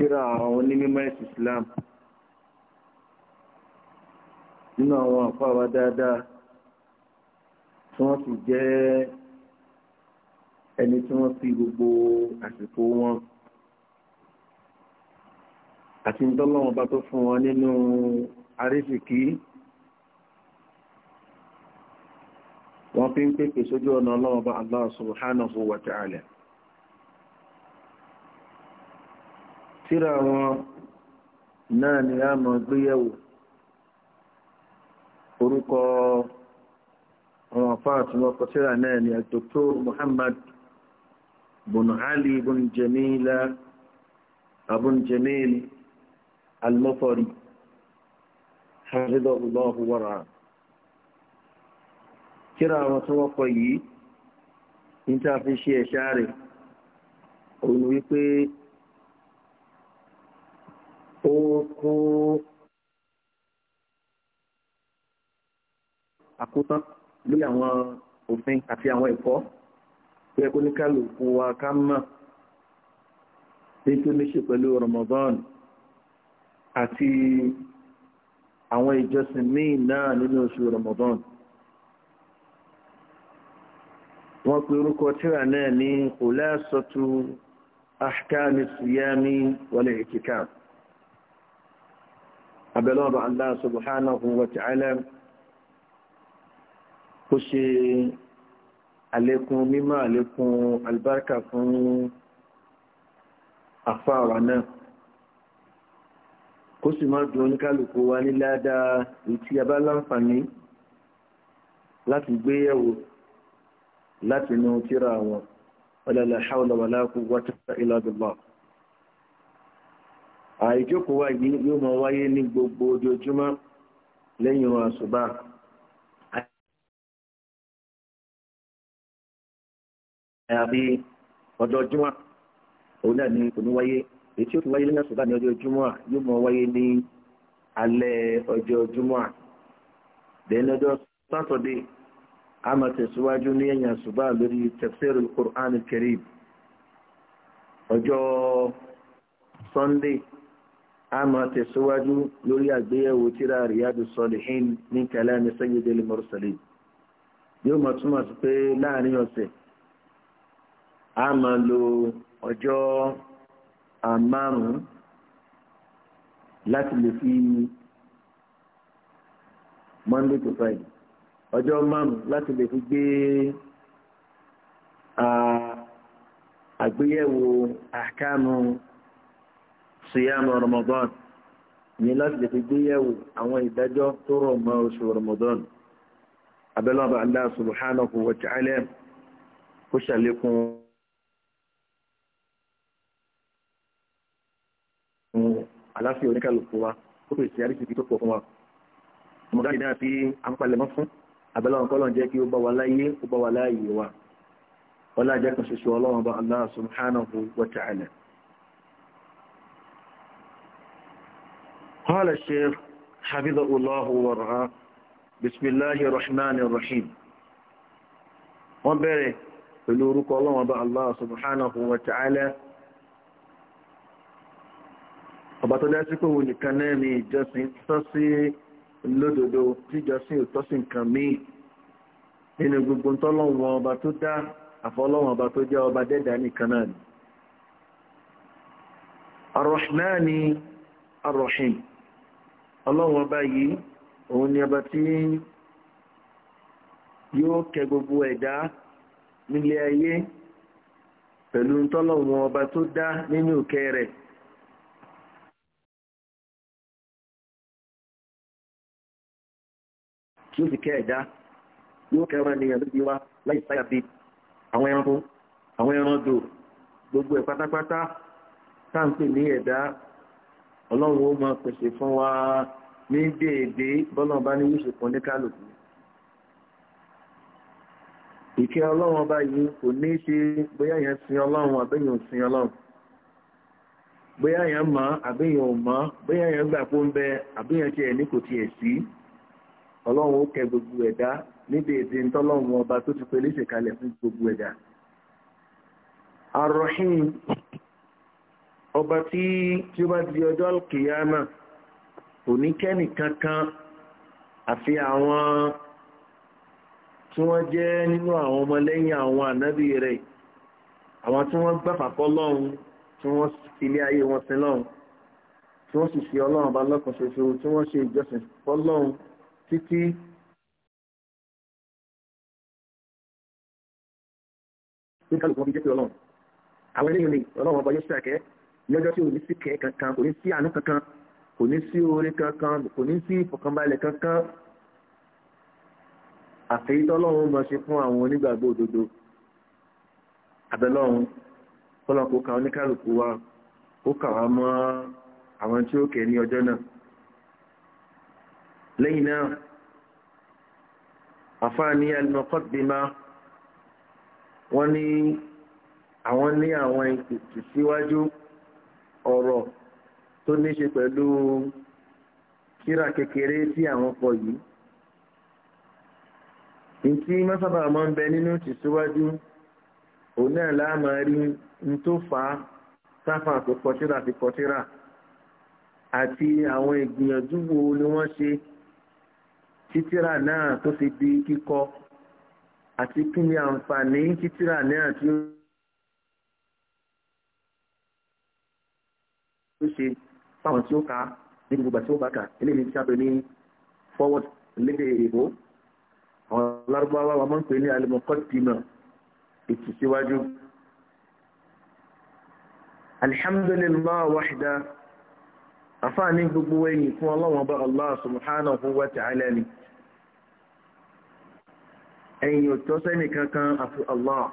tíra àwọn onímọ̀ ẹ̀sìn Islam nínú àwọn àfáwà dáadáa tí wọ́n sì jẹ́ ẹni tí wọ́n fi gbogbo àsìkò wọn àti ńdọ́lọ́wọ́n bá tó fún wọn nínú àrísìkí wọ́n fi ń pèpè sójú ọ̀nà ọlọ́wọ́n bá Allah subhanahu wa ta'ala tíra wọn náà ni a máa gbéyẹ̀wò orúkọ àwọn afáà tí wọ́n kọ tíra náà ni Dr. Muhammad bùn Ali bùn Jamila abùn Jamil al-Mufari hafidhahu tí wọ́n kọ yìí ní tí a fi ṣe ẹ̀ṣá rẹ̀ òun wípé ó kó àkótán lórí àwọn òfin àti àwọn ẹ̀kọ́ tó yẹ kó ní kálukú wa ká mọ̀ ní ní ṣe pẹ̀lú Ramadan àti àwọn ìjọsìn míì náà nínú oṣù Ramadan wọ́n pe orúkọ tíra náà ní kòlẹ́sọ̀tù ahkami siyami wal i'tikaf abẹ́lọ́rọ̀ Allah subhanahu wa ta'ala kó ṣe àlékún mímọ́ àlékún albarka fún àfáàwà náà kó sì máa dùn oníkálùkù wa ní ládàá ìtí abá láǹfààní láti gbéyẹ̀wò láti inú tíra wọn wala la hawla wala quwwata àìjókòó wa yìí yóò máa wáyé ní gbogbo ojoojúmọ́ lẹ́yìn àṣùbà. àyàfi ọjọ́ júmọ́ òun náà ni kò ní wáyé èyí tí fi wáyé lẹ́yìn àṣùbà ní ọjọ́ yóò máa wáyé ní alẹ́ ọjọ́ sátọ̀dé a máa tẹ̀síwájú ní ẹ̀yìn àṣùbà lórí ọjọ́ Sunday a máa tẹ̀síwájú lórí àgbéyẹ̀wò tíra Riyadu Salihin ní kalami Sayyidil Mursalin yóò máa túmọ̀ sí pé láàrin ọ̀sẹ̀ a máa lo ọjọ́ àmárùn-ún láti lè fi Monday to Friday ọjọ́ márùn-ún láti lè fi gbé àgbéyẹ̀wò ahkamu síyámù rọmọdán ní láti lè fi gbéyẹ̀wò àwọn ìdájọ́ tó rọ̀ mọ́ oṣù rọmọdán abẹ́lọ́ba Allah subhanahu wa ta'ala kó ṣàlékún aláfíà oníkàlùkù wa kó pèsè àríṣìkí tó pọ̀ fún wa mọ̀gá ìdá àti àpalẹ̀mọ́ fún abẹ́lọ́wọ́n kọ́lọ̀ jẹ́ kí ó bá wa láyé ó bá wa láàyè wa ọlá jẹ́ kan ṣoṣo ọlọ́run bá Allah subhanahu wa ta'ala قال الشيخ حفظه الله ورعاه بسم الله الرحمن الرحيم wọ́n bẹ̀rẹ̀ pẹ̀lú orúkọ ọlọ́wọ́n bá Allah subhanahu wa ta'ala ọba tó dá sí pé òun nìkan náà ni ìjọsìn tọ́ sí lódodo tíjọsìn ò nǹkan míì nínú gbogbo tọ́lọ́wọ́n ọba tó dá àfọlọ́wọ́n ọba tó jẹ́ ọba dẹ́dà nìkan náà ni ar-Rahmani ar-Rahim ọlọ́run ọba yìí òun ni ọba tí yóò kẹ gbogbo ẹ̀dá nílé ayé pẹ̀lú tọ́lọ̀wọ̀n ọba tó dá nínú òkè rẹ̀ tí ó sì kẹ ẹ̀dá yóò kẹ ọmọ ènìyàn lóbi wa láì sáyà bíi àwọn gbogbo ẹ̀ pátápátá ní ẹ̀dá ọlọ́run ó máa pèsè fún wa ní déédé bọ́lá ọba ní yíṣe kan ní kálukú ìkẹ́ ọlọ́run ọba yìí kò ní í ṣe bóyá yẹn sin ọlọ́run àbẹ́yẹn ò sin ọlọ́run bóyá yẹn mọ̀ àbẹ́yẹn ò mọ̀ bóyá yẹn gbà pé ń bẹ àbẹ́yẹn tiẹ̀ ní kò tiẹ̀ sí ọlọ́run ó kẹ́ gbogbo ẹ̀dá níbi èdè ntọ́lọ́run ọba tó ti pèlè ṣèkalẹ̀ fún gbogbo ẹ̀dá. arọ́hìn ọba tí tí ó bá di ọjọ́ kìyàmà oníkẹ́ni kankan àfi àwọn tí wọ́n jẹ́ nínú àwọn ọmọlẹ́yìn àwọn ànábì rẹ̀ àwọn tí wọ́n gbàfàkọ́ lọ́hùn tí wọ́n fi ilé ayé wọn sin lọ́hùn tí wọ́n sì fi ọlọ́run bá lọ́kàn ṣoṣo tí wọ́n ṣe ìjọsìn fọ́lọ́run títí àwọn eléyìí ni ọlọ́run ọba yóò ṣàkẹ́ lọ́jọ́ tí ò ní sí kẹ́ kankan kò ní sí àánú kankan kò ní sí oore kankan kò ní sí ìfọ̀kànbalẹ̀ kankan àfẹ́yítọ́lọ́run mọ̀ ṣe fún àwọn onígbàgbọ́ òdodo abẹ́lọ́run kọ́lọ́kọ́ ka oníkálùkù wa ó kà wá mọ́ àwọn tí ó kẹ́ ní ọjọ́ náà lẹ́yìn náà àfáàní ẹlẹ́mọ̀kọ́dìmá wọ́n ní àwọn ní àwọn ìtìsíwájú. Si ọ̀rọ̀ tó ní ṣe pẹ̀lú kíra kékeré tí àwọn pọ̀ yìí ní tí mọ́sábà máa ń bẹ nínú tìsíwájú òun náà láàmà rí ní tó fà á sáfà tó kọtíra ti kọtíra àti àwọn ìgbìyànjú wo ni wọ́n ṣe títíra náà tó fi di kíkọ àti kí ni àǹfààní títíra náà tí ó tó ṣe fáwọn tí ó kà á ní gbogbo àti ó bá kà eléyìí tí a pè ní forward lédè èbó àwọn lárúbáwá wa máa ń pè ní alimọ̀kọ́tìmọ̀ ìtìsíwájú. alhamdulillah wahda àfáàní gbogbo ẹ̀yìn fún ọlọ́wọ́n bá allah subhanahu wa ta'ala ni ẹ̀yìn òtọ́sẹ́nì kankan àfi allah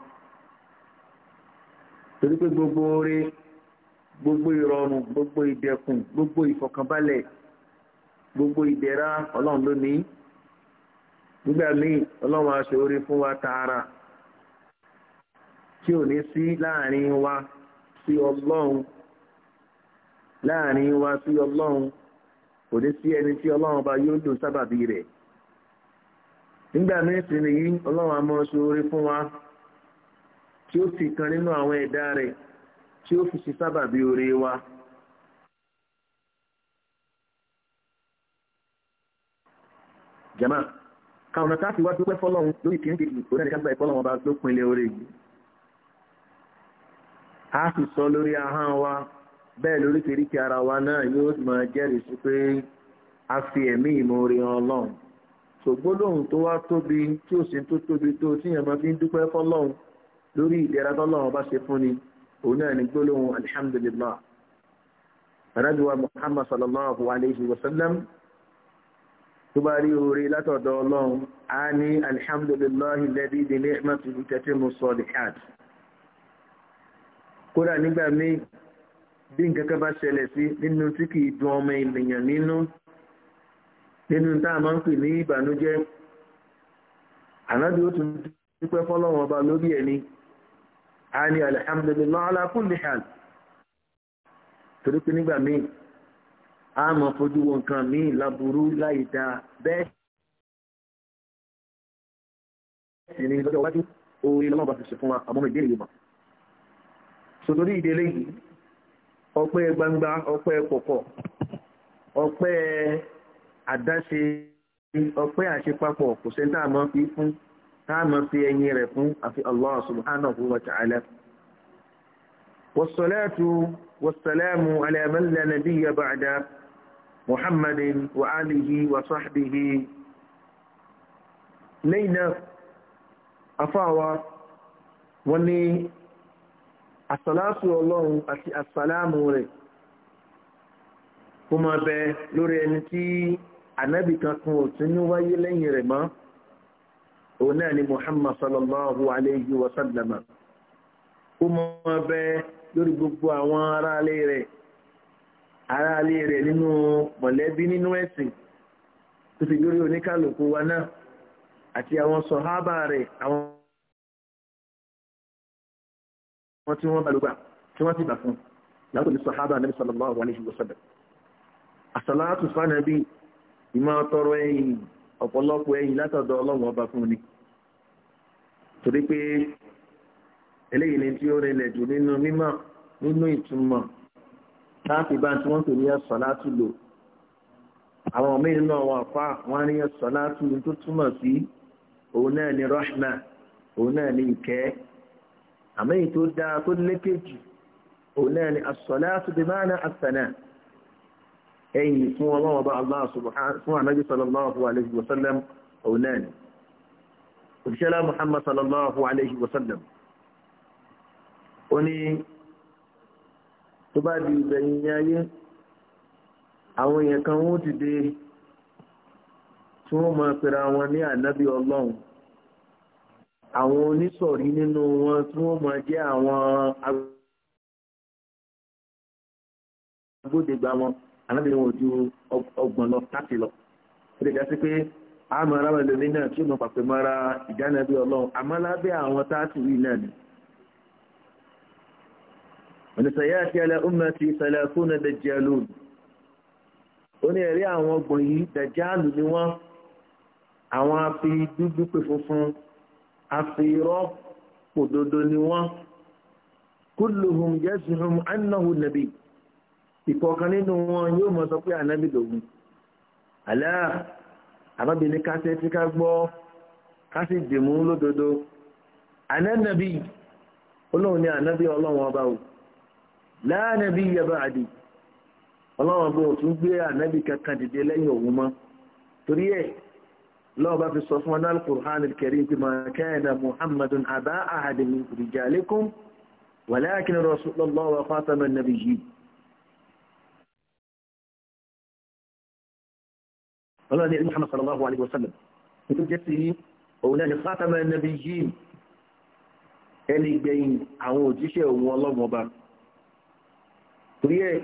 torí pé gbogbo oore gbogbo ìrọ̀rùn gbogbo ìdẹ̀kùn gbogbo ìfọ̀kànbalẹ̀ gbogbo ìdẹ̀ra ọlọ́run lónìí nígbà míì ọlọ́run á fún wa tààrà tí ò ní sí láàrin wa sí ọlọ́run láàrin wa sí kò ní sí ẹni tí ọlọ́run bá yóò fún wa tí ó kan nínú àwọn rẹ. tí ó fi ṣe sábàbí oore wa. jama káwọn ọ̀nà fi wá dúpẹ́ fọ́lọ́run lórí kìíní kìíní tó náà nígbà ìfọ́lọ́run ọba tó pinlẹ̀ oore yìí. a sì sọ lórí ahọ́n wa bẹ́ẹ̀ lórí kìíríkì ara wa náà yóò máa jẹ́rìí sí pé a fi ẹ̀mí ọlọ́run ṣògbólóhùn tó wá tóbi tí sì tó tóbi tó máa fi ń dúpẹ́ fọ́lọ́run ọba ṣe ni òun náà ni gbólóhùn alhamdulillah rádìwá muhammad sallallahu alayhi wa sallam tó bá rí orí látọ̀dọ̀ ọlọ́run a ní alhamdulillah alladhi bi ni'matihi tatimmu salihat kódà nígbà míì bí nǹkan kan bá ṣẹlẹ̀ sí nínú tí kì í dùn ọmọ ènìyàn nínú nínú tá a máa ń pè ní ìbànújẹ́ ànábì ó tún dúpẹ́ fọ́lọ́run ọba lórí ẹni a ala alhamdulillah ala kulli hal torí pé nígbà míì a máa fojú wo nǹkan míì láburú láì dáa bẹ́ẹ̀ sì ni lọ́jọ́ iwájú orí lọ́wọ́ bá fún wa àmọ́ ìdílé yìí mọ̀ sòtòrí ìdílé yìí ọpẹ́ gbangba ọpẹ́ kọ̀kọ̀ ọpẹ́ àdáṣe ọpẹ́ àṣepapọ̀ kò sẹ́ńtà máa fi fún táàmù fi ẹyin rẹ̀ fún àfi Allah subhanahu wa ta'ala. wasalaatu wasalaamu ala man la nabiyya ba'da muhammadin wa alihi wa sahbihi lẹ́yìn náà afáwa wọ́n ní àsàlátù ọlọ́run àti àsàlámù rẹ̀ kó bẹ lórí ẹni tí ànábì kankan ò tún ní wáyé lẹ́yìn rẹ̀ mọ́ òun náà ni muhammad sallallahu alayhi wa sallam kó mọ bẹ lórí gbogbo àwọn aráalé rẹ̀ aráalé rẹ̀ nínú mọ̀lẹ́bí nínú ẹ̀sìn tó fi lórí oníkàlùkù wa náà àti àwọn sọhábà rẹ̀ àwọn wọn tí wọn balùgbà tí wọn ti bà fún lápò ní sọhábà nàbí sallallahu alayhi wa sallam àsàlátù fánàbí ìmọ̀ tọrọ ẹ̀yìn ọ̀pọ̀lọpọ̀ ẹ̀yìn látọ̀dọ̀ ọlọ́run ọba fún ni torí pé eléyìí ni tí ó rẹlẹ̀ jù nínú mímọ̀ nínú ìtumọ̀ láti bá tí wọ́n pè ní as-salatu lò àwọn míì nínú àwọn àfa wọn ní as-salatu tó túmọ̀ sí òun náà ni rahma òun náà ni ìkẹ́ àmọ́ èyí tó dáa tó lékejì òun náà ni as-salatu bí máa ná àsànà ẹ̀yìn fún ọlọ́wọ́ bá Allah subhanahu fún ànábì sallallahu alaihi wa sallam òun náà ni òṣìṣẹ́lá muhammad sallallahu alayhi wa sallam ó ní tó bá di ìgbẹ̀yìn ayé àwọn èèyàn kan wọ́n ti dé tí wọ́n máa pera wọn ní ànábì ọlọ́run àwọn onísọ̀rí nínú wọn tí wọ́n máa jẹ́ àwọn agbódegbà wọn ànábì wọn ò ju ọgbọ̀n lọ táàtì lọ ó lè dá sí pé àmọ́ ara wọn lómi náà tí mo pàpẹ mọ́ra ìdáná bí ọlọ́run àmọ́ lábẹ́ àwọn táàtì wí náà ni. ọ̀nìṣàyà àti ẹlẹ́ ọmọ ti ìṣẹ̀lẹ̀ fún ẹ̀dẹ̀jẹ̀lú ó ní ẹ̀rí àwọn ọgbọ̀n yìí dàjáàlù ni wọ́n àwọn afi dúdú pè funfun afi irọ́ òdodo ni wọ́n kulluhum yẹ́sùn annahu nàbì ìkọ̀ọ̀kan nínú wọn yóò mọ̀ sọ pé ànábì lòun. àlẹ́ àbábí ní kásẹ̀ tí ká gbọ́ kásì dìmú lódodo ànábì olóhùn ní ànábì ọlọ́run ọba o láàánábì yaba àdì ọlọ́run ọba ò tún gbé ànábì kankan dìde lẹ́yìn òun mọ́ torí ẹ̀ lọ́wọ́ bá fi sọ fún ọ́nà al-Qur'an al-Karim pé ma kana Muhammadun àbá ahadin min rijalikum walakin rasulullah wa khataman nabiyyin ọlọ́run ní Muhammad sallallahu alayhi wa sallam tó jẹ́ sí òun náà ni fátàmà ẹnẹ́bí yìí ẹni gbẹ̀yìn àwọn òjíṣẹ́ òun ọlọ́run ọba torí ẹ̀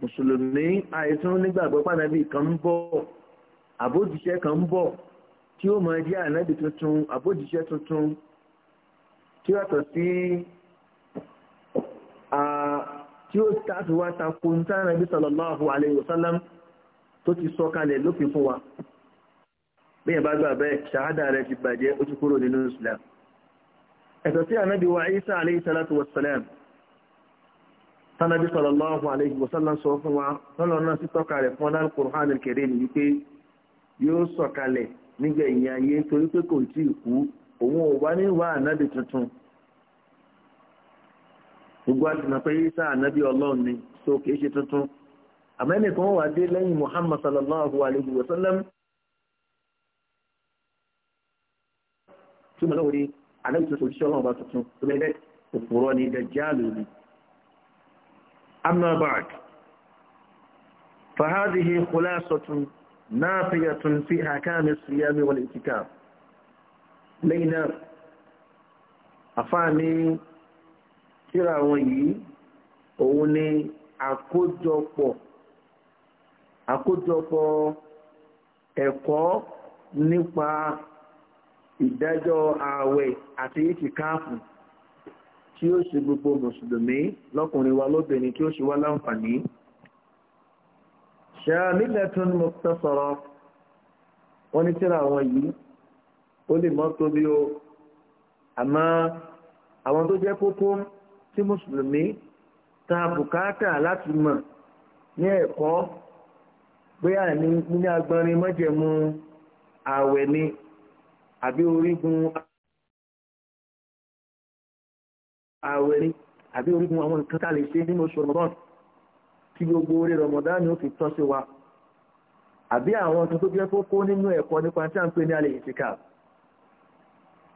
mùsùlùmí àìsàn nígbàgbọ́ pàdánù kan ń bọ̀ àbójíṣẹ́ kan ń bọ̀ tí ó máa jẹ́ ànábì tuntun àbójíṣẹ́ tuntun tí ó yàtọ̀ sí tí ó tàbí wá takun tí ànábì sallallahu tó ti sọ kalẹ̀ lófin fún wa bí ẹ bá gbà bẹ́ẹ̀ ṣàhádà rẹ ti bàjẹ́ ó ti kúrò nínú islam ẹ̀tọ́ tí isa alayhi wasalam tánàbí sallallahu alayhi sọ fún wa lọ́nà náà sí tọ́ka rẹ̀ fún ọlọ́run qur'an al wípé yóò sọ kalẹ̀ nígbà ayé torí pé kò tí tuntun gbogbo àti isa ọlọ́run ni so tuntun àmọ́ ẹnì kan wà dé lẹ́yìn Muhammad sallallahu alayhi wa sallam tí mo lọ́wọ́ rí anábì tó sojúṣọ́ ọlọ́run bá tuntun tó lẹ́dẹ́ òpùrọ́ ni dajjalu ni. amma ba'd fahadihi khulasatun nafiyatun fi ahkam as wal i'tikaf lẹ́yìn náà àfáàní tíra wọn yìí òun ni àkójọpọ̀ àkójọpọ̀ ẹ̀kọ́ nípa ìdájọ́ ààwẹ̀ àti ìtìkáàfù tí ó ṣe gbogbo mùsùlùmí lọ́kùnrin wa lóbìnrin tí ó ṣe wá láǹfààní ṣàmìlẹ̀tún mọ̀tẹ́sọ̀rọ̀ wọ́n ní tíra àwọn yìí ó lè mọ́ tóbi o àmọ́ àwọn tó jẹ́ kókó tí mùsùlùmí ta bùkátà láti mọ̀ ní ẹ̀kọ́ bóyá ní ní agbọnrin mọ́jẹ̀mú ààwẹ̀ ni àbí orígun ààwẹ̀ ni àbí orígun àwọn nǹkan tá a lè ṣe nínú oṣù Ramadan kí gbogbo orí Ramadan ni ó fi tọ́ sí wa àbí àwọn nǹkan tó jẹ́ kókó nínú ẹ̀kọ́ nípa tí à ń pè ní alẹ́ ìsìkà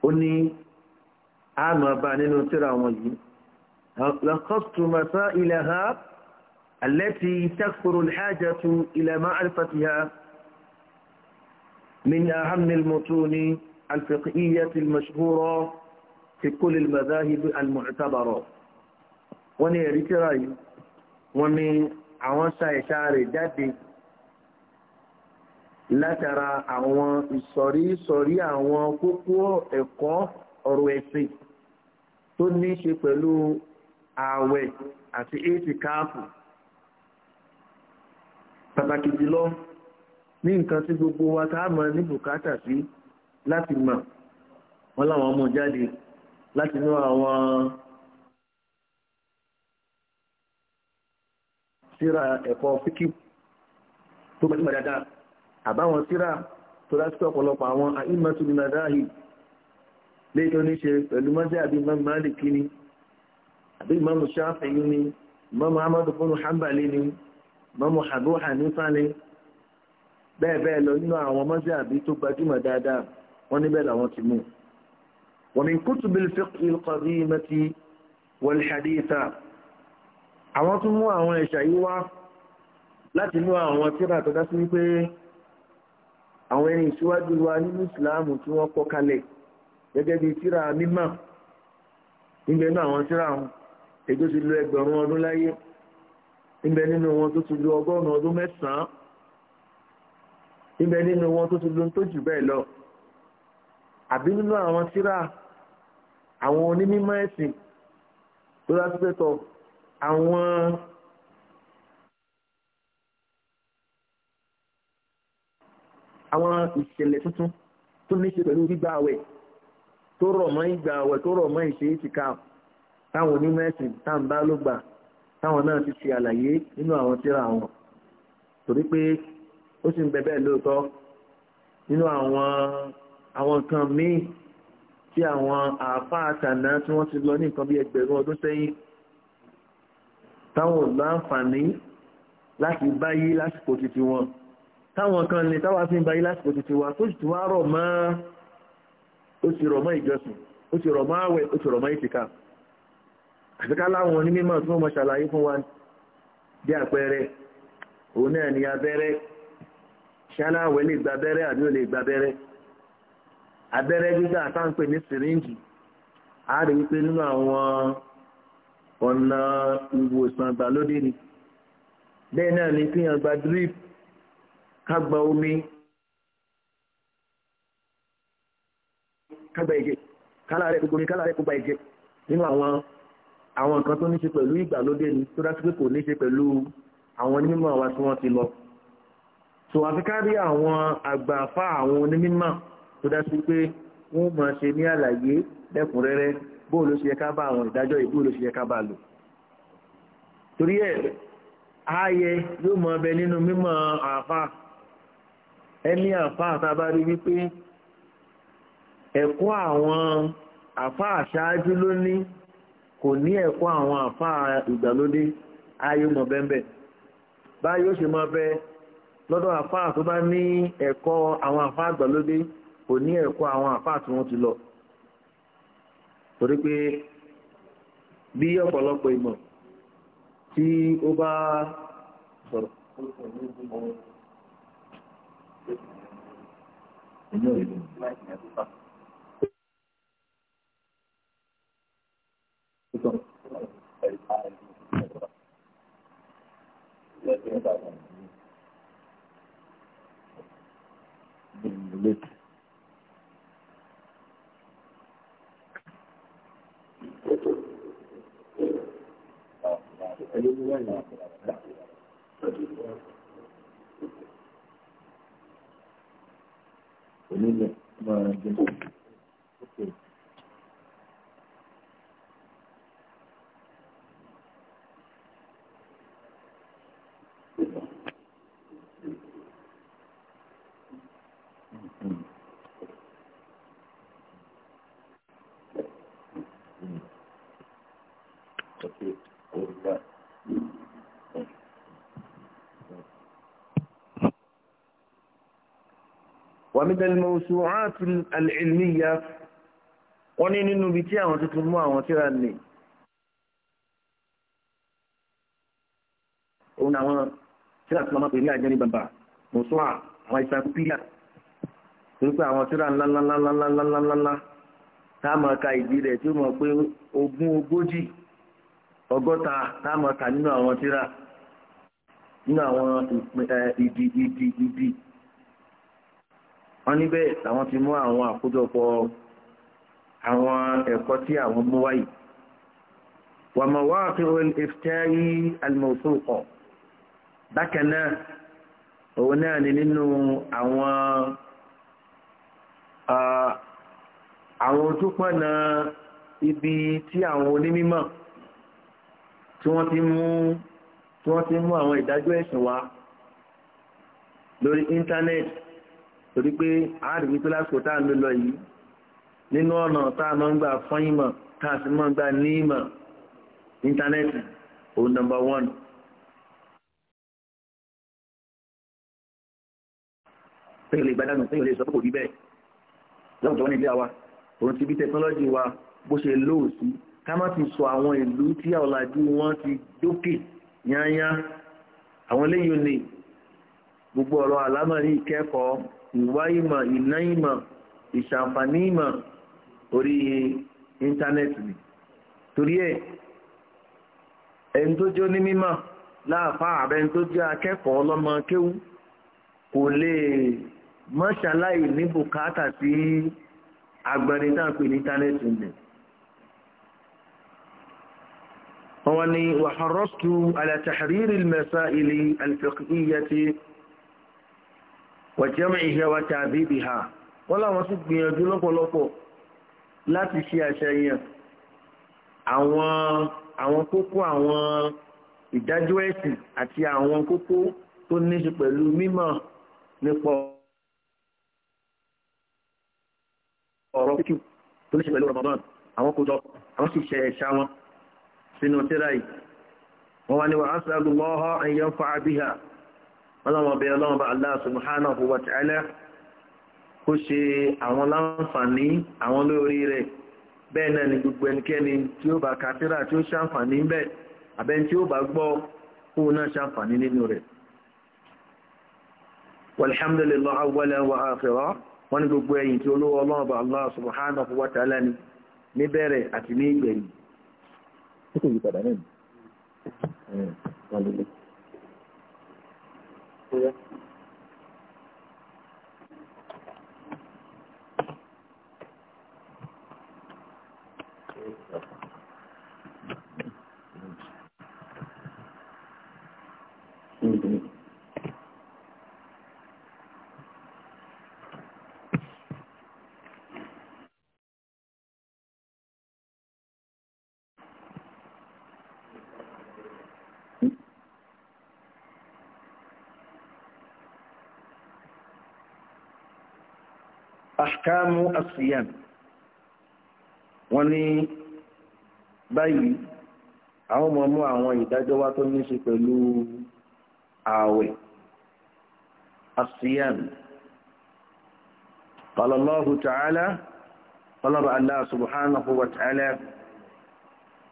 ó ní àmọ́ bá nínú tíra wọn yìí lọ́kọ́sùtùmọ̀sán ilẹ̀ ha التي تكثر الحاجة إلى معرفتها من أهم المتون الفقهية المشهورة في كل المذاهب المعتبرة وني ريتراي ومن àwọn ṣàìṣà rẹ̀ لا ترى عوان ìsọ̀rí ìsọ̀rí عوان kókó ẹ̀kọ́ ọ̀rọ̀ ẹ̀sìn tó ní í ṣe pẹ̀lú pàtàkì jùlọ ní nǹkan tí gbogbo wa tá a mọ ní bùkátà sí láti mọ̀ wọn làwọn ọmọ jáde láti inú àwọn síra ẹ̀kọ́ fíkì tó gbajúmọ̀ dáadáa àbáwọn síra tó lásìkò ọ̀pọ̀lọpọ̀ àwọn àìmọ̀tò ní nàdáàhì léètò ní ṣe pẹ̀lú mọ́jẹ́ àbí mọ́mọ́ Málíkì àbí mọ́mọ́ ni mọ́mọ́ Ahmadu fúnnu Hanbali ni mọ́mú àbú hanifa ni bẹ́ẹ̀ bẹ́ẹ̀ lọ nínú àwọn mọ́sí àbí tó gbajúmọ̀ dáadáa wọ́n níbẹ̀ làwọn ti mú wa min kutubil fiqhi al-qadimati wal haditha àwọn tún mú àwọn ẹ̀ṣà yìí wá láti inú àwọn tíra tó dá sí wípé àwọn ẹni ìṣíwájú wa nínú ìsìláàmù tí wọ́n kọ́ kalẹ̀ gẹ́gẹ́ bí tíra mímọ́ nígbẹ̀ẹ́nú àwọn tíra àwọn ti lo ẹgbẹ̀rún ọdún láyé ibẹ̀ nínú wọn tó ti lu ọgọ́rùn-ún ọdún mẹ́sàn-án ibẹ̀ nínú wọn tó ti lu tó jù bẹ́ẹ̀ lọ àbí nínú àwọn tírà àwọn onímọ̀ ẹ̀sìn tó dá sí pẹ́tọ̀ àwọn àwọn ìṣẹ̀lẹ̀ tuntun tó ní ṣe pẹ̀lú gbígba àwẹ̀ tó rọ̀ mọ́ ìgbà àwẹ̀ tó rọ̀ mọ́ ìṣe ìtìká táwọn onímọ̀ ẹ̀sìn tá à ń bá ló gbà táwọn náà ti ṣe àlàyé nínú àwọn tírà wọn torí pé ó sì ń bẹ bẹ́ẹ̀ lóòótọ́ nínú àwọn àwọn nǹkan míì tí àwọn àáfàá àtàná tí wọ́n ti lọ ní nǹkan bí ẹgbẹ̀rún ọdún sẹ́yìn táwọn ò láǹfààní láti báyé lásìkò títí wọn táwọn kan ní táwọn fi ń báyé lásìkò títí wa tó sì tún wá rọ̀ mọ́ ó sì rọ̀ mọ́ ìjọsìn ó sì rọ̀ mọ́ àwẹ̀ ó sì rọ̀ mọ́ ìtìká àfikà láwọn onímọ̀ tí wọ́n mọ̀ ṣàlàyé fún wa bí àpẹẹrẹ òun náà ní abẹ́rẹ́ ṣáláwẹ̀ lè gba abẹ́rẹ́ àbí ò lè gba abẹ́rẹ́ abẹ́rẹ́ gbígbà táǹpẹ̀ ní sìríǹgì á rí wípé nínú àwọn ọ̀nà ìwòsàn ìgbàlódé ni bẹ́ẹ̀ náà ni fi hàn gba drip ká gba omi ká gba ẹ̀jẹ̀ kálá rẹ̀ gbogbo omi kálá rẹ̀ gbogbo ẹ̀jẹ̀ nínú àwọn àwọn nǹkan tó ní ṣe pẹ̀lú ìgbàlódé ni tó dá sí pé kò ní ṣe pẹ̀lú àwọn onímọ̀ wa tí wọ́n ti lọ so àfi kárí àwọn àgbààfà àwọn onímọ̀ tó dá sí pé wọ́n máa ṣe ní àlàyé lẹ́kùnrẹ́rẹ́ bó ló ṣe yẹ ká bá àwọn ìdájọ́ yìí bó ló ṣe yẹ ká bá lò torí ẹ̀ ààyè yóò mọ ọbẹ̀ nínú mímọ̀ àáfà ẹni àáfà àtàbárí wípé ẹ̀kọ́ àwọn àáfà àṣáájú ló ní kò ní ẹ̀kọ́ àwọn àfáà ìgbàlódé ayé mọ̀ bẹ́ẹ̀ báyìí ó ṣe máa bẹ lọ́dọ̀ àfáà tó bá ní ẹ̀kọ́ àwọn àfáà ìgbàlódé kò ní ẹ̀kọ́ àwọn àfáà tí wọ́n ti lọ torí pé bí ọ̀pọ̀lọpọ̀ ìmọ̀ tí ó bá sọ̀rọ̀ inú ìlú lẹ́sẹ̀ nígbà fún mi. Onílẹ̀ máa jẹ́. sọ́kè òun náà. ومن الموسوعات العلمية wọ́n ní nínú ibi tí àwọn tuntun mú àwọn tíra ní òun àwọn tíra tí wọ́n máa pè ní àjẹ́ ní bàbá mọ̀sọ́à àwọn ìsàkúpíyà tó pé àwọn tíra ńláńláńláńláńláńláńlá tá a máa ka ìdí rẹ̀ tí ó mọ̀ pé ogún ogójì ọgọ́ta táwọn kà nínú àwọn tíra nínú àwọn ìdí ìdí ìdí wọn níbẹ̀ làwọn ti mú àwọn àkójọpọ̀ àwọn ẹ̀kọ́ tí àwọn mú wáyé wàmọ̀wáàfẹ́ ìfẹ́yí alìmọ̀sọ́kọ̀ bákan náà òun náà ni nínú àwọn àwọn ojúpọ̀nà ibi tí àwọn onímọ̀ tí wọ́n ti mú tí wọ́n ti mú àwọn ìdájọ́ ẹ̀sìn wa lórí íńtánẹ́ẹ̀tì torí pé a rí wípé lásìkò tá à ń lò lọ yìí nínú ọ̀nà tá a máa ń gbà fọ́n ìmọ̀ tá a sì máa ń gbà ní ìmọ̀ íńtánẹ́ẹ̀tì òun nọ́mbà wọ́n. pẹ̀lú lè gbádànù pẹ̀lú lè sọ pé kò rí bẹ́ẹ̀ lọ́wọ́ tó wọ́n ní ilé wa òun ti bí tẹkinọ́lọ́jì wa bó ṣe lóòsí Kama má ti sọ àwọn ìlú tí ọ̀làjú wọn ti dókè yányán àwọn eléyìí ni gbogbo ọ̀rọ̀ àlámọ̀rí ìkẹ́kọ̀ọ́ ìwá ìmọ̀ ìná ìmọ̀ ìṣàǹfààní ìmọ̀ orí íńtánẹ́ẹ̀tì ni torí ẹ̀ ẹni tó jẹ́ onímọ̀ láàfáà àbẹ́ni tó jẹ́ akẹ́kọ̀ọ́ ọlọ́mọ kéwú kò lè mọ́ṣáláì ní bùkátà sí agbẹ̀rin tá à ní íńtánẹ́ẹ̀tì nìyẹn wọ́n ni على تحرير المسائل الفقهية وجمعها wa ولا wọ́n láwọn sì gbìyànjú lọ́pọ̀lọpọ̀ láti ṣe àṣàyàn àwọn àwọn kókó àwọn ìdájọ́ ẹ̀sìn àti àwọn kókó tó ní ṣe pẹ̀lú mímọ̀ nípa ọ̀rọ̀ kíkù tó ní ṣe pẹ̀lú Ramadan àwọn kò àwọn sì ṣe ẹ̀ṣà wọn sínú tíra yìí wọ́n wá ní wàá sàlù lọ́họ́ ẹ̀yẹ́ ń fa àbíhà ọlọ́run ọbẹ̀ ọlọ́run bá Allah subhanahu wa ta'ala kó ṣe àwọn láǹfààní àwọn lórí rẹ̀ bẹ́ẹ̀ náà ni gbogbo ẹnikẹ́ni tí ó bá ka tíra tí ó ṣàǹfààní bẹ́ẹ̀ àbẹ́ni tí ó bá gbọ́ kóun náà ṣàǹfààní nínú rẹ̀. walhamdulillah awwalan wa akhirah wọ́n ní gbogbo ẹ̀yìn tí olówó ọlọ́run bá Allah subhanahu wa ta'ala ni níbẹ̀rẹ̀ àti ní ìgbẹ̀yìn Itu juga dah ni. Hmm. Lalu ni. Ya. ahkamu asiyam wọ́n ní báyìí àwọn ọmọ mú àwọn ìdájọ́ wá tó ní ṣe pẹ̀lú ààwẹ̀ asiyam قال الله تعالى طلب الله سبحانه وتعالى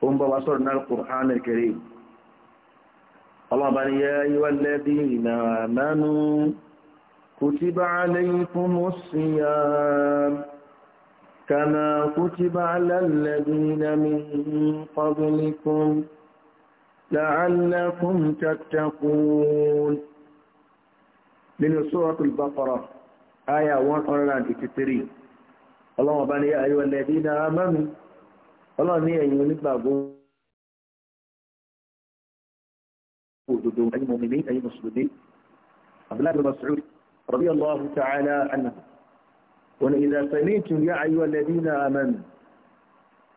هم بوصرنا القرآن الكريم الله يا أيها الذين آمنوا كتب عليكم الصيام كما كتب على الذين من قبلكم لعلكم تتقون من سورة البقرة آية 183 اللهم بني يا أيها الذين آمنوا اللهم يا أيها الذين أي ẹ̀yin أي ẹ̀yin mùsùlùmí Abdullahi رضي الله تعالى عنه وإذا سمعتم يا أيها الذين آمنوا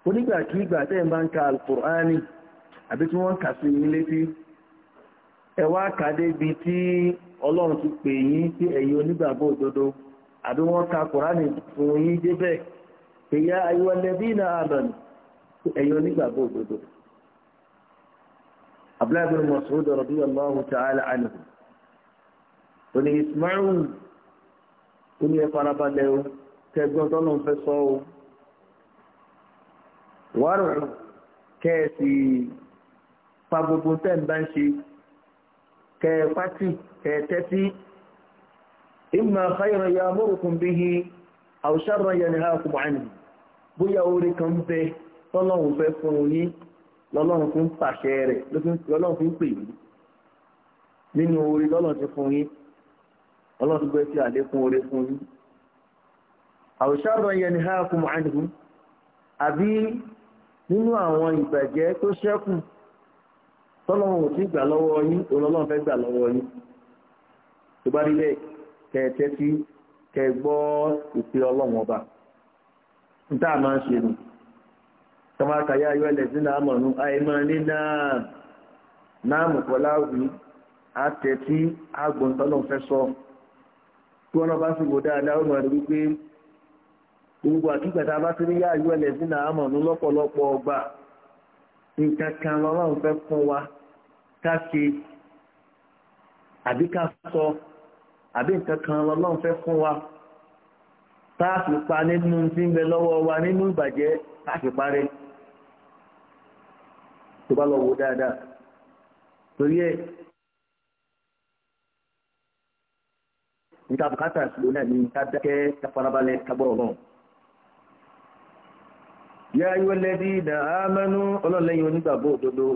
ونبقى كيبا تنبان كالقرآن أبتمون كسيني لفي ẹwà kàdé bi tí ọlọ́run ti pè yín sí ẹ̀yin onígbàgbọ́ òdodo àbí wọ́n ka kùránì fún yín débẹ̀ ìyá ayọ́lẹ́bí náà àbẹ̀nù ẹ̀yin onígbàgbọ́ òdodo. abúlé abẹ́rẹ́ mọ̀sùlùmí radiyallahu ta'ala anhu tó ní ismail tó ní ẹ farabalẹ̀ o kẹgbọ́n tọ́nà fẹ́ sọ o wárùn kẹ́ẹ̀sì pa gbogbo tẹ́ ń bá ń ṣe kẹ́ẹ̀ pátì kẹ́ẹ̀ tẹ́tí ìmọ̀ àfáyọ̀rọ̀ ya mọ́rùkún bí i àwùṣàrọ̀ yẹn ni a kò bá ní bóyá orí kan bẹ tọ́lọ́hùn fẹ́ fún un yín lọ́lọ́run fún pàṣẹ rẹ̀ lọ́lọ́run fún pè yín nínú orí lọ́lọ́run ti fún yín ọlọ́run gbé sí àlékún oore fún yín àwòṣàrọ̀ yẹn ni háàkùn àdùn àbí nínú àwọn ìbàjẹ́ tó ṣẹ́kù tọ́lọ́run gbà lọ́wọ́ yín ọlọ́run fẹ́ gbà lọ́wọ́ yín tó bá rí bẹ́ẹ̀ kẹ́ gbọ́ ìpè ọlọ́run ọba a nù yọ tí wọ́n bá sì wò dáadáa ó máa rí wípé gbogbo àkígbàtà bá ti rí yá ìwé ẹlẹ́sìn náà mọ̀ ní lọ́pọ̀lọpọ̀ ọgbà nǹkan kan fẹ́ fún wa ká ṣe sọ àbí nǹkan fún wa pa nínú tí ń bẹ lọ́wọ́ wa nínú ìbàjẹ́ parẹ́ níta bùkátà sí òun náà ní ká dákẹ́ ká farabalẹ̀ ká gbọ́rọ̀ náà. yá ayọ́ lẹ́dí ìdá amánú ọlọ́lẹ́yìn onígbàgbọ́ òdodo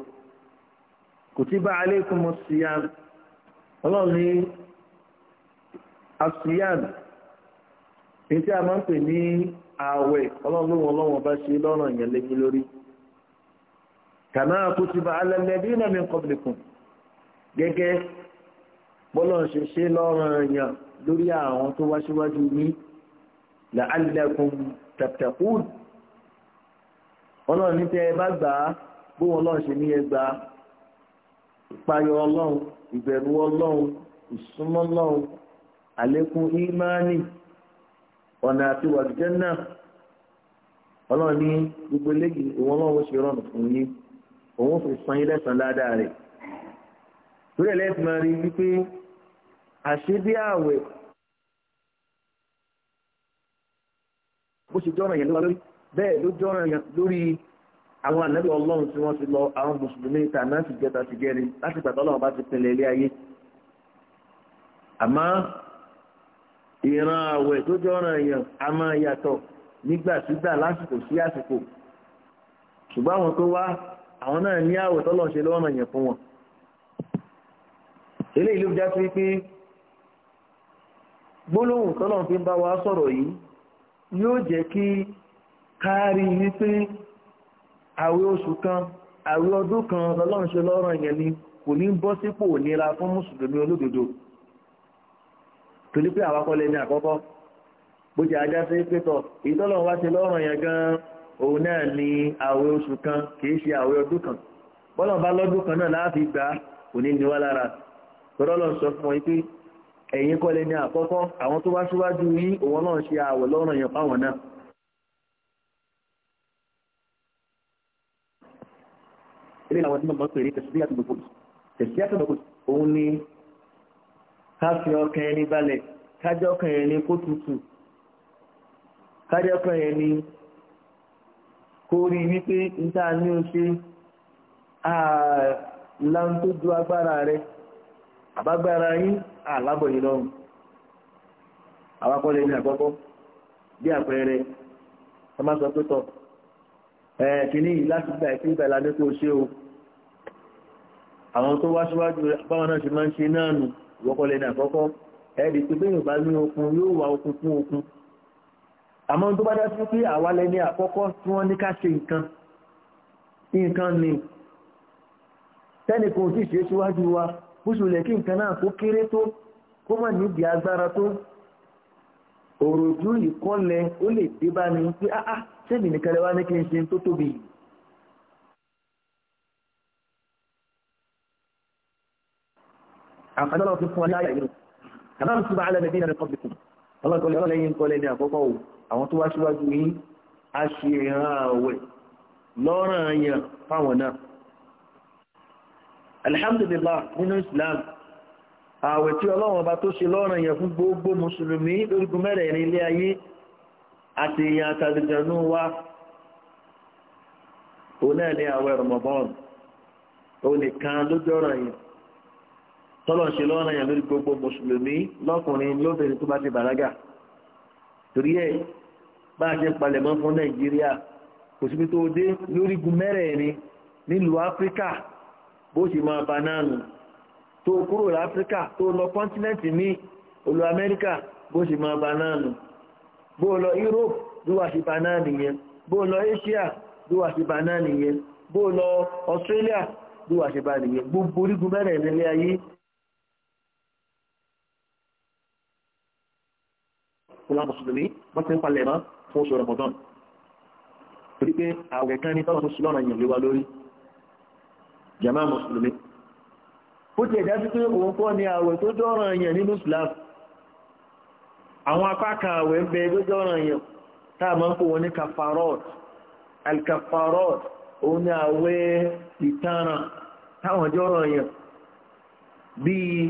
kutiba alaykumus siyam ọlọ́run ní asiyam èyí tí a máa ń pè ní ààwẹ̀ ọlọ́run ọlọ́run bá ṣe lọ́rọ̀ yẹn lẹ́yìn lórí kàmá kutiba ala alladhina min qablikum gẹ́gẹ́ bọ́lọ̀ ṣe ṣe lọ́rọ̀ yẹn lórí àwọn tó wá síwájú ní la'allakum tattaqun ọlọ́run ní tẹ́ ẹ bá gbà á bó wọn lọ́n ṣe ní ẹ gbà á ìpayọ ọlọ́run ìbẹ̀rù ọlọ́run ìsúnmọ́ ọlọ́run àlékún ìmánì ọ̀nà àti wàjújẹ́ náà ọlọ́run ní gbogbo eléyìí òun ọlọ́run ṣe rọrùn fún yín òun fi san yín lẹ́sàn-án ládàá rẹ̀ torí ẹ̀ lẹ́sìn máa rí wípé àṣé bí ààwẹ̀ bó ṣe jọ́ràn yẹn lórí bẹ́ẹ̀ ló jọ́ràn yẹn lórí àwọn ànábì ọlọ́run tí wọ́n ti lọ àwọn mùsùlùmí tàná sì jẹta sì gẹrin láti gbàtọ́ ọlọ́run bá ti pinlẹ̀ ilé ayé àmọ́ ìran àwẹ̀ tó jọ́ràn yẹn a máa yàtọ̀ nígbàsígbà lásìkò sí àsìkò ṣùgbọ́n àwọn tó wá àwọn náà ní àwẹ̀ tọ́lọ̀ ṣe lọ́ràn yẹn fún wọn eléyìí ló já sí pé gbólóhùn tọ́lọ́n fi ń bá wa sọ̀rọ̀ yìí yóò jẹ́ kí kárí wípé àwẹ̀ oṣù kan àwẹ̀ ọdún kan lọ́lọ́run ṣe lọ́rọ̀ yẹn ni kò ní bọ́ sípò nira fún mùsùlùmí olódodo torí pé àwa kọ́ lẹ́ni àkọ́kọ́ bó ti ajá sí pé tọ̀ ìtọ́lọ́run ṣe lọ́rọ̀ yẹn gan òun náà ni àwẹ̀ oṣù kan kìí ṣe àwẹ̀ ọdún kan bọ́lọ̀ bá lọ́dún kan náà láàfin gbà kò ní ní wá lára tọ́lọ́run sọ fún wọn pé ẹ̀yin kọ́lé ní àkọ́kọ́ àwọn tó wá síwájú yí òun náà ṣe àwẹ̀ lọ́rùn yẹn fáwọn náà ilé àwọn tí mọ̀ pèrè tẹ̀sí àtúgbò tẹ̀sí àtúgbò òun ni ká fi ọkàn ẹni balẹ̀ kájọ́ ọkàn ẹni kó tutù kájọ́ ọkàn ẹni kó rí wípé n tá ní o ṣe àà ju agbára rẹ àbágbára yín àlábọ̀ yìí lọ́rùn àwọn akọ́lẹ̀ ní àkọ́kọ́ bí àpẹẹrẹ ẹ má sọ pé tọ ẹ kìíní yìí láti gbà ẹ síbẹ̀ la ní ṣe o àwọn tó wá síwájú báwọn náà ṣe máa ń ṣe náà nù ìwọ́kọ́lẹ̀ ní àkọ́kọ́ ẹ rí i pé bẹ́ẹ̀ bá ní okun yóò wá okun fún okun àmọ́ tó bá dá sí pé àwa lẹ́ni àkọ́kọ́ tí wọ́n ní ká ṣe nǹkan nǹkan ni tẹ́nìkan ò sì ṣe síwájú wa bó ṣe lè kí nǹkan náà kó kéré tó kó má nídìí agbára tó òròjú ìkọlẹ ó lè dé bá mi pé áá ah, sẹ́mi ah, nìkan lè wá ní kí n ṣe tó tóbi yìí. àǹfààní ọlọ́run fún wa ní àyè àbá mi ti bá alẹ́ nínú republic ọlọ́kọ̀ọ́lẹ́ ọlọ́lẹ́yìn kọ́lẹ́ ní àkọ́kọ́ o àwọn tó wá síwájú yìí a ṣe ìran àwẹ̀ lọ́ràn yẹn fáwọn náà alhamdulillah nínú islam ààwẹ̀ tí ọlọ́run ọba tó ṣe lọ́rùn yẹn fún gbogbo mùsùlùmí lórígun mẹ́rẹ̀ẹ̀rin ilé ayé àti èèyàn àtàlùjẹ̀nu wa òun náà ní ààwẹ̀ Ramadan òun nìkan lójú ọ̀ràn yẹn tọ́lọ̀ ṣe lọ́rùn yẹn lórí gbogbo mùsùlùmí lọ́kùnrin lóbìnrin tó bá ti bàlágà torí ẹ̀ bá a ṣe palẹ̀mọ́ fún nàìjíríà kò síbi tó dé lórígun mẹ́rẹ̀ẹ̀rin nílùú áfíríkà bó ṣe máa ba náà nù tó kúrò láfíríkà tó lọ kọ́ńtínẹ́ǹtì ní olú amẹ́ríkà bó ṣe máa ba náà nù bó lọ europe ló wà sí ba náà nìyẹn bó lọ asia ló wà sí ba náà nìyẹn bó lọ australia ló wà sí ba nìyẹn gbogbo orígun mẹ́rẹ̀ nílé ayé kúlá mùsùlùmí wọ́n ti ń palẹ̀ mọ́ fún oṣù ramadan torí pé àwẹ̀ kan ní tọ́lọ̀ tó ṣe lọ́nà yìí lé wa lórí jama mùsùlùmí ó ti ẹ̀dá sí pé òun kọ́ ni àwẹ̀ tó jọ́ràn èèyàn nínú islam àwọn apá kan àwẹ̀ ń bẹ tó jọ́ràn èèyàn tá a máa ń kó wọn ní kafarot alkafarot òun ni àwẹ̀ ìtanràn táwọn jọ́ràn èèyàn bíi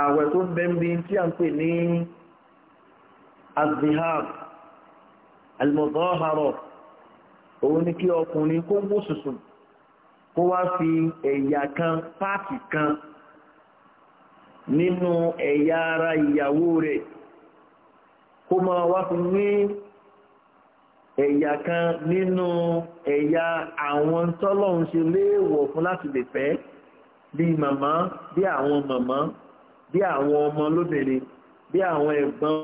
àwẹ̀ tó bẹ ń bí tí a ń pè ní azihar almọ̀dọ́harọ̀ òun ni kí ọkùnrin kó wó sùsùn kó wá fi ẹ̀yà kan páàkì kan nínú ẹ̀yà ara ìyàwó rẹ̀ kó máa wá fi wé ẹ̀yà kan nínú ẹ̀yà àwọn tọ́lọ̀ ń ṣe léèwọ̀ fún láti lè fẹ́ bí màmá bí àwọn màmá bí àwọn ọmọ lóbìnrin bí àwọn ẹ̀gbọ́n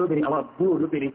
lóbìnrin àwọn àbúrò lóbìnrin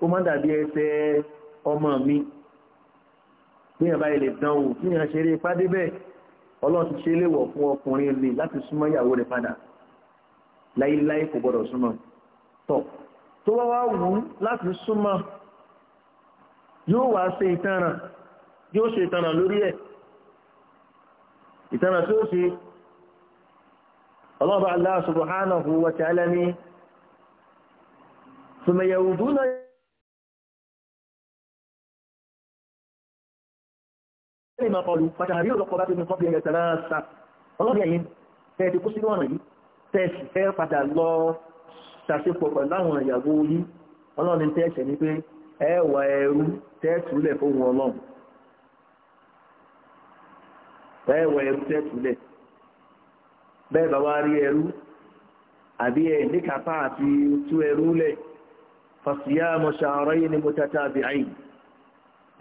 ó máa ń dàbí ẹsẹ̀ ọmọ mi gbìyànjú báyìí lè dán o gbìyànjú ṣeré ipá débẹ̀ ọlọ́run ti ṣe léwọ̀ fún ọkùnrin lè láti súnmọ́ ìyàwó rẹ̀ padà láíláí kò gbọ́dọ̀ súnmọ́ tọ̀ tó bá wá wù ú láti súnmọ́ yóò wá ṣe ìtanràn yóò ṣe ìtanràn lórí ẹ̀ ìtanràn tó ṣe ọlọ́run bá Allah subhanahu wa ta'ala ní summa yawduna. لما قالوا فتحرير رقبات من قبل أن يتلاسى الله يعين فهذه قصة وانا يي تسي فير فتح الله تسيب وقلنا وانا يقولي الله ننتهي نبي ẹwà ẹrú tẹ́tùlẹ̀ fún wọn lọ́n ẹwà ẹrú tẹ́tùlẹ̀ bẹ́ẹ̀ bá wá rí ẹrú àbí ẹ̀ níkàpá àti tú ẹrú lẹ̀ fàṣíyá mọ̀ṣàárọ̀ yìí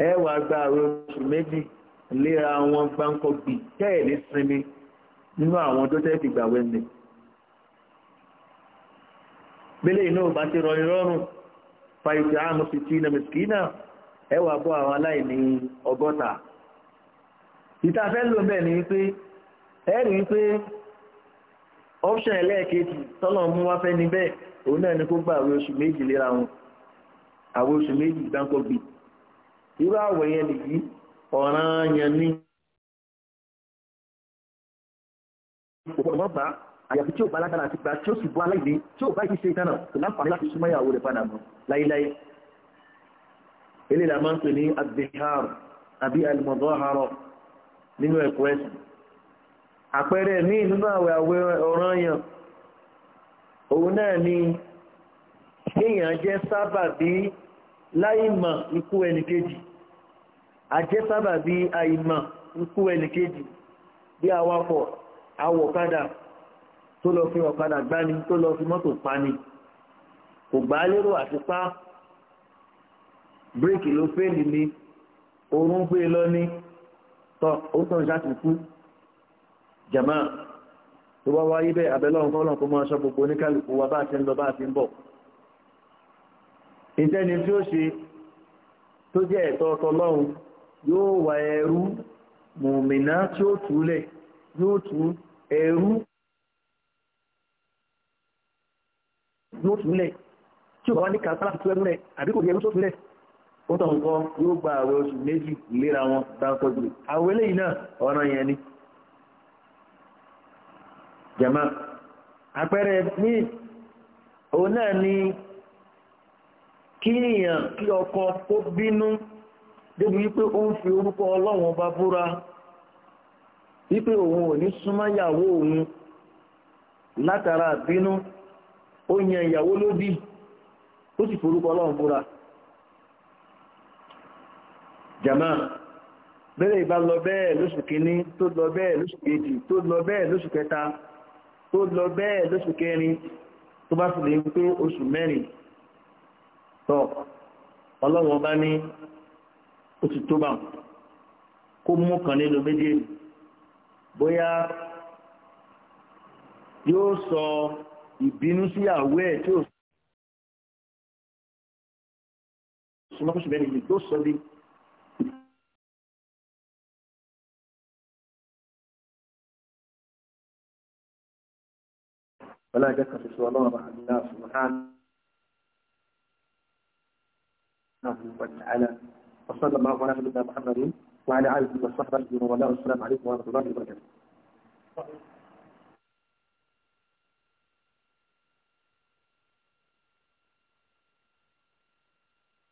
ẹwà gba àwọn léra wọn gbáǹkọ bì tẹ́ẹ̀lì sinmi nínú àwọn tó tẹ́ẹ̀ ti gbàwé ni. bílẹ̀ iná ò bá ti rọ ìrọ̀rùn fa ìtì àmú sí tí iná mìsìkínà ẹ wà bọ́ àwọn aláìní ọgọ́ta. ìtafẹ́ ló bẹ́ẹ̀ ni pé ẹ rí i pé ọ́pṣàn ẹlẹ́ẹ̀kejì tọ́lọ̀ mú wá fẹ́ ni bẹ́ẹ̀ òun náà ni kó gba àwọn oṣù méjì léra wọn àwọn oṣù méjì gbáǹkọ bì irú àwọ̀ yẹn nìyí ọ̀ràn yẹn ní òpópónà bá àyàfi tí ó bá lágbára àti gbà tí ó sì bọ́ aláìní tí ó bá ìdí ṣe ìtànà kò láǹfààní láti súnmọ́ ìyàwó rẹ̀ padà mọ́ láíláí eléyìí la máa ń pè ní agbèhàr àbí alimọ̀dọ́hàrọ̀ nínú ẹ̀kọ́ ẹ̀sìn àpẹẹrẹ ní nínú àwẹ̀ àwẹ̀ ọ̀ràn òun náà ni kéèyàn jẹ́ sábàbí láì mọ̀ ikú ẹnìkejì àjẹ́sábà bí àìmọ̀ ń kú ẹnìkejì bí awakọ̀ awọ̀kadà tó lọ fi ọ̀kadà gbani tó lọ fi mọ́tò pani kò gbá lérò àtipá bíréèkì ló fẹ́ẹ̀lì ni oorun gbé e lọ ní tọ́ ó tàn ṣáàtì kú jàmá tó bá wáyé bẹ́ẹ̀ abẹ́lọ́run kọ́ lọ́nkọ́ máa ṣọ́ gbogbo oníkálukú wa bá a ti ń lọ bá a ti ń bọ̀ ìtẹ́ni tí ó ṣe tó jẹ́ ẹ̀tọ́ ọ̀tọ̀ lọ́run yóò wà ẹrú mọ̀mìnà tí ó túlẹ̀ yóò tú ẹrú yóò túlẹ̀ tí ó bá wá ní kàtàlá tó ẹrú rẹ̀ àbí kò ní ẹrú tó túlẹ̀ ó tọ̀ nǹkan yóò gba àwẹ̀ oṣù méjì léra wọn dáńtọ́jú àwẹ̀ lẹ́yìn náà ọ̀nà yẹn ni jama àpẹẹrẹ ní òun náà ni kíyàn kí ọkọ kó bínú débi wípé ó ń fi orúkọ ọlọ́run ọba búra wípé òun ò ní súnmọ́ ìyàwó òun látara àbínú ó yan ìyàwó lódì ó sì forúkọ ọlọ́run búra jama bẹ́ẹ̀ ìbá lọ bẹ́ẹ̀ lóṣù kìíní tó lọ bẹ́ẹ̀ lóṣù kejì tó lọ bẹ́ẹ̀ lóṣù kẹta tó lọ bẹ́ẹ̀ lóṣù kẹrin tó bá sì lè ń pé oṣù mẹ́rin tọ́ ọlọ́run ọba ní ó ti tó bá kó mú kan nínú méjèèjì bóyá yóò sọ ìbínú síyàwó ẹ̀ tí ó súnmọ́ kó ṣùgbọ́n ìlú sọ di. ولا جك في سؤالنا مع الله سبحانه وتعالى وصلى الله على نبينا محمد وعلى آله وصحبه ومن والسلام عليكم ورحمة الله وبركاته